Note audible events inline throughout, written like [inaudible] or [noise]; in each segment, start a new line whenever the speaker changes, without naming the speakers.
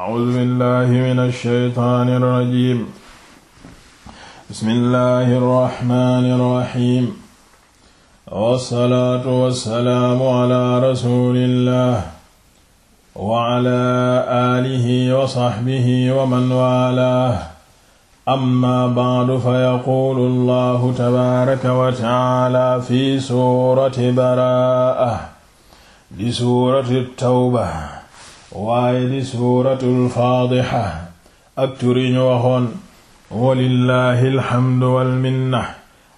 A'uuzu billaahi mina shaytaani rajiim. Bismillaahi rahmaani rahiim. Wa salaatu wa salaamu ala rasuulillaah. Wa ala aalihi wa sahbihi wa man waalaah. Amma ba'du fa yaquulu Allaahu tabaaraka wa ta'aalaa fi suurati baraa'a, li suurati tawba. waaye di suuratul faadixa ak turi ñu waxoon walillahi alhamdu walminna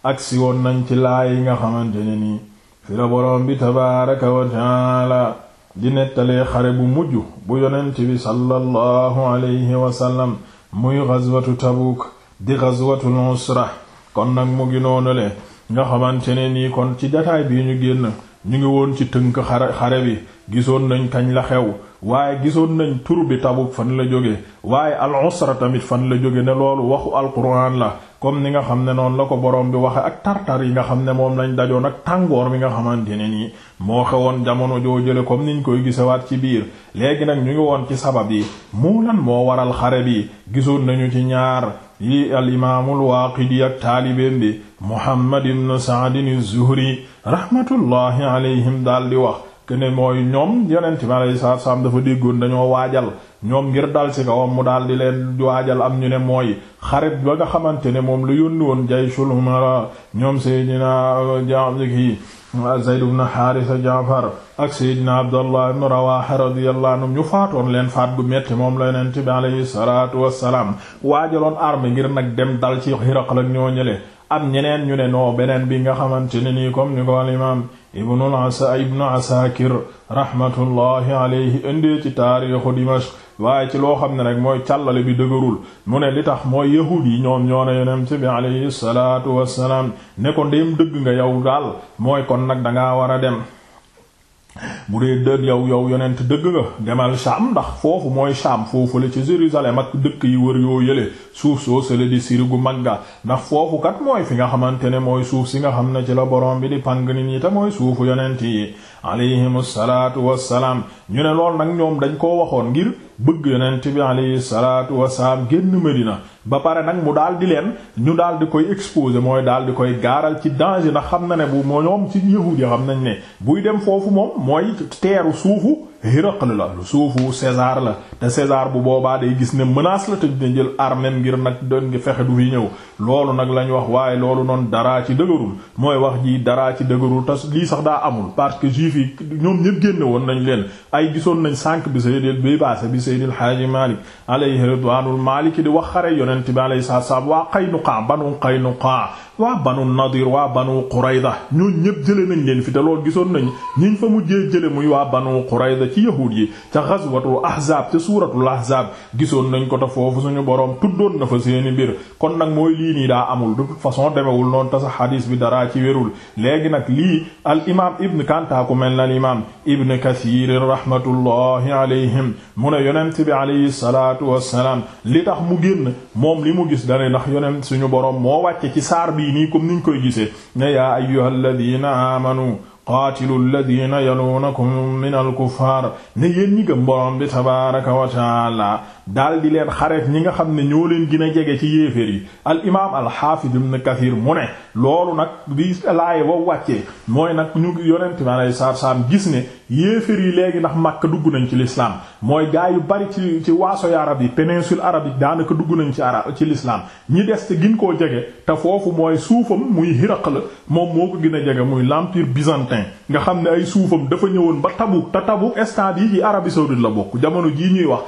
ak woon nañ ci laay yi nga xamante ne nii fi la boroom bi tabaaraka wa di nettalee xare bu mujj bu yonent bi sallallahu alayhi wasallam muy gazwatu tabuuk di gazwatul usra kon nag mu ngi noonule nga xamante ne nii kon ci jataay bii ñu génn ñu ngi woon ci tënk xare bi gisoon nañ kañ la xew waaye gisoon nañ tur bi Tabuk fan la jóge waaye al-usra tamit fan la jóge ne loolu waxu alquran la comme ni nga xam ne noonu la ko borom bi waxe ak tartar yi nga xam ne moom lañ dajoon ak tàngoor bi nga xamante ne nii moo xewoon jamono joo jële comme niñ koy gisewaat ci biir léegi nag ñu ngi woon ci sabab yi mu lan moo waral xare bi gisoon nañu ci ñaar yi al imaamul waaqidi ak taalibeem bi Muhammad ibn Sa'd az-Zuhri rahmatullahi alayhim daal di wax que ne mooy ñoom yonent mi alayhi salaatu salaam dafa déggoon dañoo waajal ñoom ngir dal ci kawam mu daal di leen waajal am ñu ne mooy xarit ba nga xamante ne moom lu yónni woon jayshul umara ñoom Seydina Jaafar Zayd ibn Haarisa Jaafar ak Seydina Abdallah ibn Rawaaha radiyallahu anhum ñu faatoon leen faat bu metti moom la yonent bi alayhi salaatu wassalaam waajaloon armée ngir nag dem dal ci Hiraql ak ñoo ñële am ñeneen ñu ne noo beneen bi nga xamante ne nii comme ni ko al imaam ibnu asa ibnu asakir rahmatullahi alayhi indee ci taarixu dimashq waaye ci loo xam ne rek mooy càllale bi dëgërul mu ne li tax mooy yahud yi ñoom ñoo ne yonent bi alayhi salaatu wassalaam ne ko ndéem dëgg nga yow daal mooy kon nag dangaa war a dem bu dee dër yow yow yonent dëgg nga demal Sham ndax foofu mooy Sham foofu la ci Jérusalem ak dëkk yi wër yoo yële suuf soo sële di siri gu magga ndax foofu kat mooy fi nga xamante ne mooy suuf si nga xam ne ci la borom bi di pang nit ñi te mooy suufu yonent yi alayhimu salaatu wassalaam ñu ne lool nag ñoom dañ koo waxoon ngir bëgg yonent bi alayhi salaatu wasalaam génn Medina ba pare nag mu daal di leen ñu daal di koy exposer mooy daal di koy gaaral ci danger na xam na ne bu moo ñoom ci yahuud yi xam nañ ne buy dem foofu moom mooy teeru suufu Hiraql la lu suufu César la te César bu boobaa day gis ne menace la te dina jël armem ngir nag doon ngi fexe du fi ñëw loolu nag lañ wax waaye loolu noonu daraa ci dëgërul mooy wax ji daraa ci dëgërul tas lii sax daa amul parce que juif yi ñoom ñëpp génne woon nañ leen ay gisoon nañ sànq bi Seydil bi baase bi Seydil Haaji Malik alayhi ridwaanul Maliki di wax xare yonent bi alayhi salaam waa Qaynuqa banu Qaynuqa waa banu nadir waa banu qurayda ñoo ñëpp jële nañ leen fi te lool gisoon nañ ñiñ fa mujjee jële muy waa banu qurayda ci yahuud yi ca ghazwatul ahzab te suuratul ahzab gisoon nañ ko te foofu suñu boroom tuddoon na fa seeni mbir kon nag mooy lii nii daa amul de toute façon demewul noonu te sa xadiis bi daraa ci wérul léegi nag lii al imam ibn kanta ku mel na al imam ibn kathir rahmatullahi alayhim mu ne yonent bi alayhi salaatu wassalaam li tax mu génn moom li mu gis dane ndax yonent suñu boroom moo wàcce ci saar yi nii comme niñ koy gisee ne yaa ayyuhal ladina amanu qaatilu alladina yaluunakum min alkuffar ne yéen ñi gëm borom bi tabaraka wa taala daal di leen xareef ñi nga xam ne ñoo leen gën a jege ci yéeféer yi al imaam al xaafis ibn kathir mu ne loolu nag bi laay wa wàccee mooy nag ñu yonent mi alayhi salaatu gis ne yéeféer yi léegi ndax Makka dugg nañ ci l'islam mooy gaa yu bari ci ci waasoy arab yi péninsule arabique daanaka dugg nañ ci arab ci l'islam ñi des te gin koo jege te foofu mooy suufam muy Hiraqla moom moo ko gën jege muy l'empire byzantin nga xam ne ay suufam dafa ñëwoon ba Tabuk te Tabuk instant yi ci la bokk jamono jii ñuy wax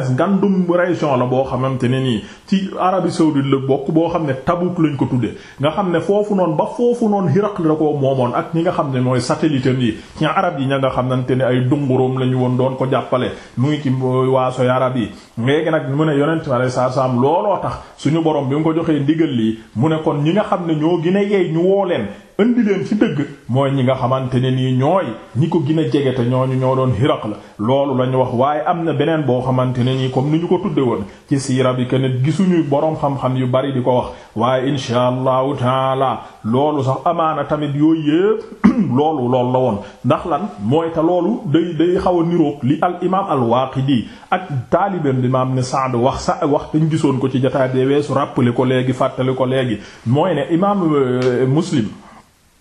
Perez ngandum région la boo xamante ne nii ci Arabie saoudite la bokk boo xam ne Tabuk lañ ko tuddee nga xam ne foofu noonu ba foofu noonu Hiraql la ko moomoon ak ñi nga xam ne mooy satellite yi ci arab yi ña nga xamante ne ay dunguróom la ñu woon doon ko jàppale mu ngi ci waaso arab yi léegi nag mu ne yonent bi alei saatu salaam looloo tax suñu borom bi mu ko joxee ndigal lii mu ne kon ñi nga xam ne ñoo gën a yeey ñu woo leen indi leen ci dëgg mooy ñi nga xamante ne nii ñooy ñi ko gina a jege te ñooñu ñoo doon xiraq la loolu la ñu wax waaye am na beneen boo xamante ne nii comme ni ñu ko tudde woon ci siira bi kenn gisuñu boroom xam-xam yu bari di ko wax waaye insha allahu taala loolu sax amaana tamit yooyu yépp [clears throat] loolu loolu la woon ndax lan mooy te loolu day day xaw a niroog li al imaam al waaqidi ak taalibeem bi am ne Saad wax sa wax dañ gisoon ko ci jotaay bi weesu rappelé ko léegi fàttali ko léegi mooy ne imaam euh, muslim.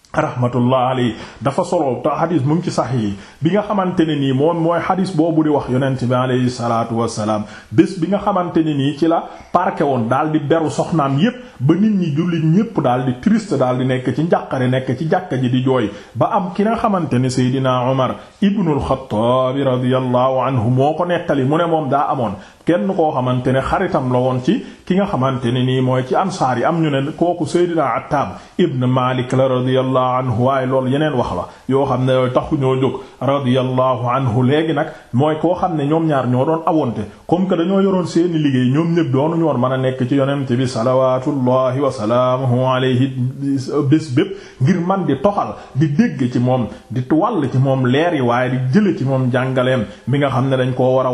rahmatullah alay dafa solo te xadis mu ngi ci sax yi bi nga xamante ne nii moom mooy xadis boobu di wax yonent bi alayhi salaatu wasalaam bés bi nga xamante ne nii ci la parke woon daal di beru soxnaam yépp ba nit ñi jullit ñépp daal di triste daal di nekk ci njàqare nekk ci jàkka ji di jooy ba am ki nga xamante ne Seydina Omar ibnul Xattaab radiyallahu anhu moo ko nekkali mu ne moom daa amoon kenn koo xamante ne xaritam la woon ci ki nga xamante ne nii mooy ci ansaar yi am ñu ne kooku Seydina Attaab ibn Malik la radiyallahu waaye loolu yeneen wax la yoo xam ne yooyu taxu ñoo jóg radiyallahu anhu léegi nag mooy koo xam ne ñoom ñaar ñoo doon awonte comme que dañoo yoroon seeni liggéey ñoom ñëpp doonuñu woon mën a nekk ci yonent bi salawaatullahi wa salaamuhu alayhi bés bépp ngir man di toxal di dégg ci moom di wàll ci moom leer yi waaye di jële ci moom jàngaleem bi nga xam ne dañ koo war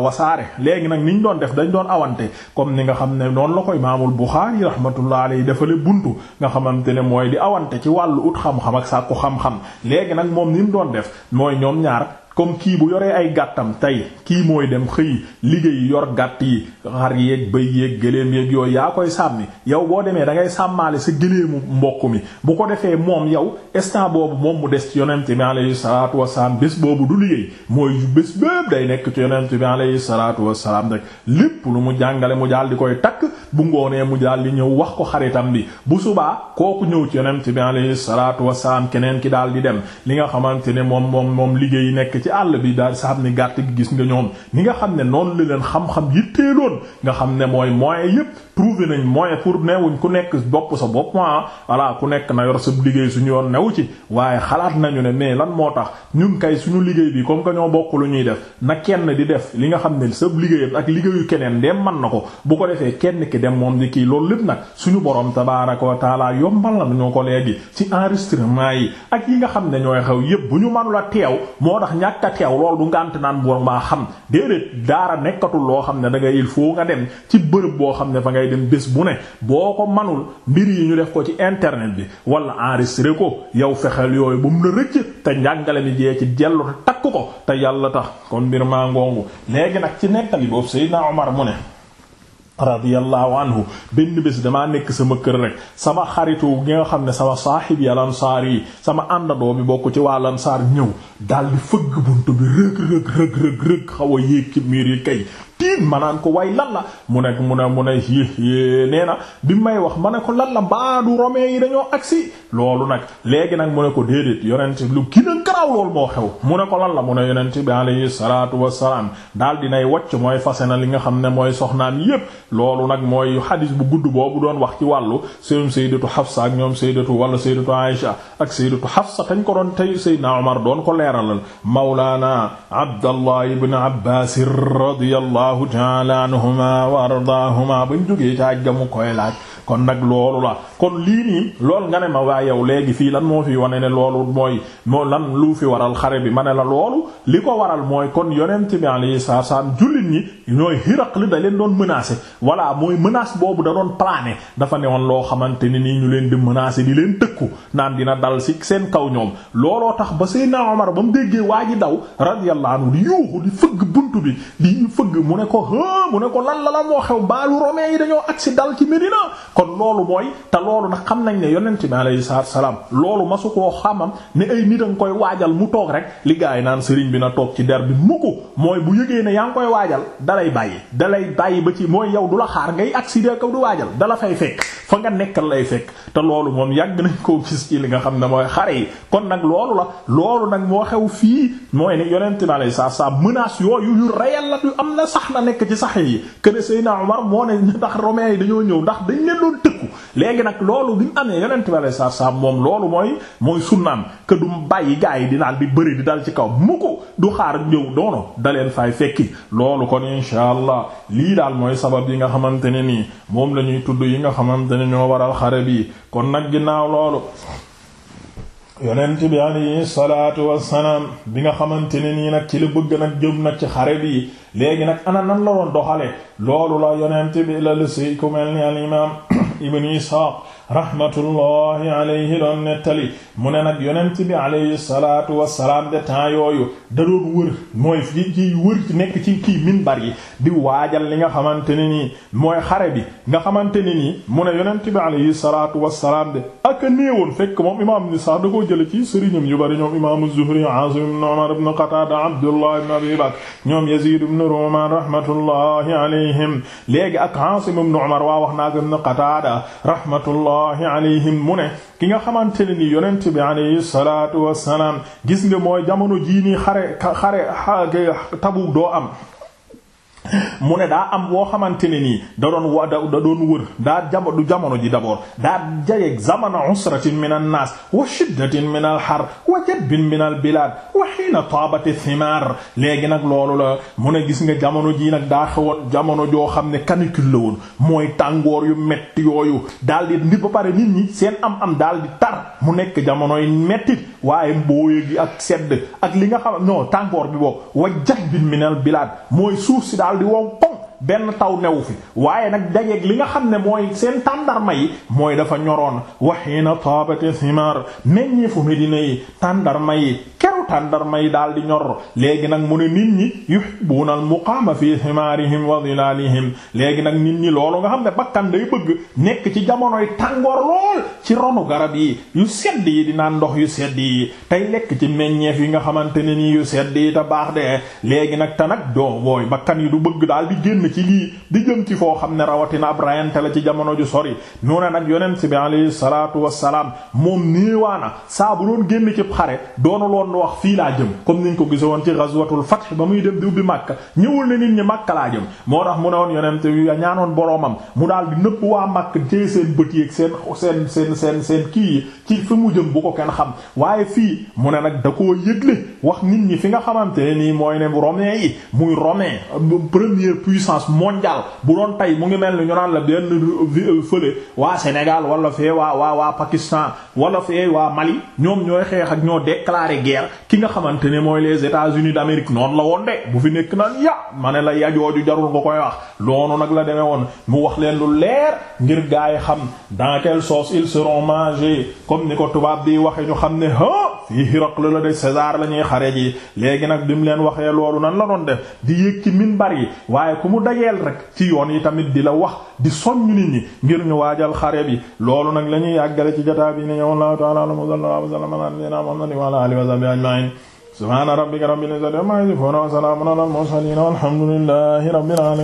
dañ doon awante comme ni nga xam ne noonu la ko imaamul Buxaari rahmatullah alayhi defale buntu nga xamante ne mooy di awante ci wàllu ut xam-xam ak sàkku xam-xam léegi nag moom ni mu doon def mooy ñoom ñaar comme kii bu yoree ay gàttam tey kii mooy dem xëy liggéey yor gàtt yi xar yéeg bëy yeeg gëléem yeeg yooyu yaa koy sàmmi yow boo demee da ngay sàmmaale sa gëléemu mbokk mi bu ko defee moom yow instant boobu moom mu des ci yonent bi alayhi salaatu wasalaam bés boobu du liggéey mooy bés day nekk ci yonent bi alayhi salaatu wasalaam rek lépp lu mu jàngale mu daal di koy takk bu ngoonee mu daal di ñëw wax ko xaritam bi bu subaa kooku ñëw ci yonent bi alayhi salaatu wasalaam keneen ki daal di dem li nga xamante ne moom moom moom liggéey nekk ci àll bi daal saab ni gàtt gi gis nga ñoom ni nga xam ne noonu la leen xam-xam yittee doon nga xam ne mooy moyen yépp trouvé nañ moyen pour newuñ ku nekk bopp sa bopp ah voilà ku nekk na yor sa liggéey suñu yoon new ci waaye xalaat nañu ne mais lan moo tax ñun kay suñu liggéey bi comme que ñoo bokk lu ñuy def na kenn di def li nga xam ne sa liggéeyam ak liggéeyu keneen dem man na ko bu ko defee kenn ki dem moom di kii loolu lépp nag suñu borom tabaaraka wa taala yombal la ñu ko léegi ci enregistrement yi ak yi nga xam ne ñooy xew yépp bu ñu manula teew moo ñàkk a teew loolu du ngànt naan borom maa xam déedéet daara nekkatul loo xam ne da nga il faut nga dem ci bërëb boo xam ne fa ngay dem bés bu ne boo ko manul mbir yi ñu def ko ci internet bi wala enregistré ko yow fexeel yooyu bu mu la rëcc te njàngale mi jee ci jellu te takk ko te yàlla tax kon mbir maa ngongu léegi nag ci nettali boobu Seydina Omar mu ne radiyallahu anhu benn bés damaa nekk sama kër rek sama xaritu gi nga xam ne sama saaxib yi alansaar yi sama àndandoo bi bokk ci waa lansaar ñëw daldi fëgg bunt bi rëg rëg rëg rëg rëg a yéeg ci miir yi kay diin naan ko way lan la mu ne mu ne mu ne hi nee na bi may wax ma ne ko lan la baadu romain yi dañoo agsi loolu nag léegi nag mu ne ko déedéet yonent lu gën a garaaw moo xew mu ne ko lan la mu ne yonent bi alayhi salaatu wassalaam daal dinay wacc mooy fase na li nga xam ne mooy soxnaam yépp loolu nag mooy xadiis bu gudd boobu doon wax ci wàllu seen sayyidatu Hafsa ak ñoom sayyidatu wala sayyidatu Aisha ak sayyidatu Hafsa tañ ko doon tey sayyidna Umar doon ko leeralal mawlaana Abdallah ibn Abbaas radiyallahu radiyallahu ta'ala anhuma wa ardaahuma bañ jógee ca aj ga mu koy laaj kon nag loolu la kon lii nii loolu nga ne ma waa yow léegi fii lan moo fi wane ne loolu mooy moo lan lu fi waral xare bi ma ne la loolu li ko waral mooy kon yonent bi alayhi salaam jullit ñi ñooy Hiraql da leen doon menacé voilà mooy menace boobu da doon plané dafa newoon loo xamante ni nii ñu leen di menacé di leen tëkku naan dina dal si seen kaw ñoom looloo tax ba Seydina Omar ba mu déggee waa ji daw radiyallahu anhu di yuuxu di fëgg buntu bi di fëgg mu ne ko mu ne ko lan la la moo xew baalu romain yi ci Médina kon loolu mooy te loolu nag xam nañ ne yonent bi alayhi salaam loolu masu koo xamam ne ay nit a nga koy waajal mu toog rek li yi naan sëriñ bi na toog ci der bi mu ko mooy bu yëgee ne yaa ngi koy waajal dalay bàyyi dalay bàyyi ba ci mooy yow du la xaar ngay accident kaw du waajal dala fay fekk fa nga nekkal lay fekk te loolu moom yàgg nañ koo gis ci li nga xam ne mooy xare yi kon nag loolu la loolu nag moo xew fii mooy ne yonent bi alayhi salaam menace yooyu yu réel la yu am na sax na nekk ci sax yi que ne Seydina Omar moo ne ndax romain yi ñëw ndax doon tëkku léegi nag loolu bi mu amee yonent bi saa saa moom loolu mooy mooy sunnaam que du bàyyi gaa yi di naan bi bëri di dal ci kaw mu ko du xaar ñëw doono da leen fay fekki loolu kon insha allah lii daal mooy sabab yi nga xamante ne nii moom la ñuy tudd yi nga xamante ne ñoo waral xare bi kon nag ginnaaw loolu yonent bi alayhi salaatu wassalaam bi nga xamante ne nii nag ci la bëgg nag jëm nag ci xare bi léegi nag ana nan la doon doxale loolu la yonent bi la ibn Isxaaq rahmatullahi alayhi doon nettali mu ne nag yonent bi alayhi salaatu wassalaam de temps yooyu da doon wër mooy fii ci wër nekk ci kii minbar yi di waajal li nga xamante ne ni mooy xare bi nga xamante ni nii mu ne yonent bi alayhi salaatu wassalaam de ak néewoon fekk moom imaam ni sax da koo jële ci sëriñam yu bari ñoom imaamu Zuhri Aasim ibn Umar ibn Qataada Abdullah ibn Abi Bakr ñoom Yaziid ibn Rumaan rahmatullahi alayhim léegi ak Aasim ibn Umar waa wax naa ibn Qataada rahmatullahi alayhim mu ne ki nga xamante ne ni yonent bi alayhi salaatu wassalaam gis nga mooy jamono jii nii xare xare doo am mu ne daa am woo xamante ne nii da doon wa da doon wër daa du jamono ji d'abord daa jayeeg zamana usratin min an nas wa shiddatin min al har wa jadbin min al bilad léegi nag loolu la mu gis nga jamono ji nag daa jamono joo xam ne canicule la mooy tàngoor yu metti yooyu daal di ndi ba pare nit ñi seen am am daal di tar mu nekk jamonoy mettit waaye mbooye gi ak sedd ak li nga xam non tàngoor bi boobu wa jadbin min al bilad mooy suuf si daal daal di wow koŋ benn taw newu fi waaye nag dajeeg li nga xam ne mooy seen tàndarma may mooy dafa ñoroon waxiina taabate simar meññeefu medina yi tàndarma yi tàndarma yi daal di ñor léegi nag mu ne nit ñi yuhibbuuna al-muqaama fii himaarihim wa dhilaalihim léegi nag nit ñi loolu nga xam ne bakkan day bëgg nekk ci jamonoy tàngoor lool ci ronu garab yi yu sedd yi di naan ndox yu sedd yi tey lekk ci meññeef yi nga xamante ne nii yu sedd yi te baax de léegi nag te nag doo booy bakkan yi du bëgg daal di génn ci lii di jëm ci foo xam ne rawatina ab rayante la ci jamono ju sori ñu ne nag yonent bi alayhi salaatu wassalaam moom niiwaana saa bu doon génn ci xare doonu loon wax fii laa jëm comme ni ñu ko gise woon ci ghazwatul fath ba muy dem diw bi Makka ñëwul na nit ñi Makka laa jëm moo tax mu ne woon yonent yu ñaanoon boroomam mu daal di nëpp waa Makka jëy seen bët yi ak seen seen seen seen seen kii yi ci fi mu jëm bu ko kenn xam waaye fii mu ne nag da koo yëgle wax nit ñi fi nga xamante ne nii mooy ne romain yi muy romain première puissance mondiale bu doon tey mu ngi mel ni ñu naan la benn euh, fële waa Sénégal wala fee waa waa waa Pakistan wala waa Mali ñoom ñooy xeex ak ñoo déclarer guerre ki nga xamante ne mooy les États-Unis d'Amérique noonu la woon de bu fi nekk naan ya ma ne la yajooju jarul nga koy wax loonu nag la demee woon mu wax leen lu leer ngir gaay xam dans tele sos ils seront mangés comme ni ko tubaab di waxe ñu xam ne ha fii Hiraql la de César la ñuy xare ji léegi nag bi mu leen waxee loolu nan la doon di yéeg ci minbar yi waaye ku rek ci yoon yi tamit di la wax di soññ nit ñi ngir ñu waajal xare bi loolu nag la ñuy yàggale ci jotaay bi ni wallahu ta'ala a'lam wa sallallahu alayhi wa sallam ajma'in subhana rabbika rabbil izzati amma yasifun wa salamun alal mursalin walhamdulillahi rabbil alamin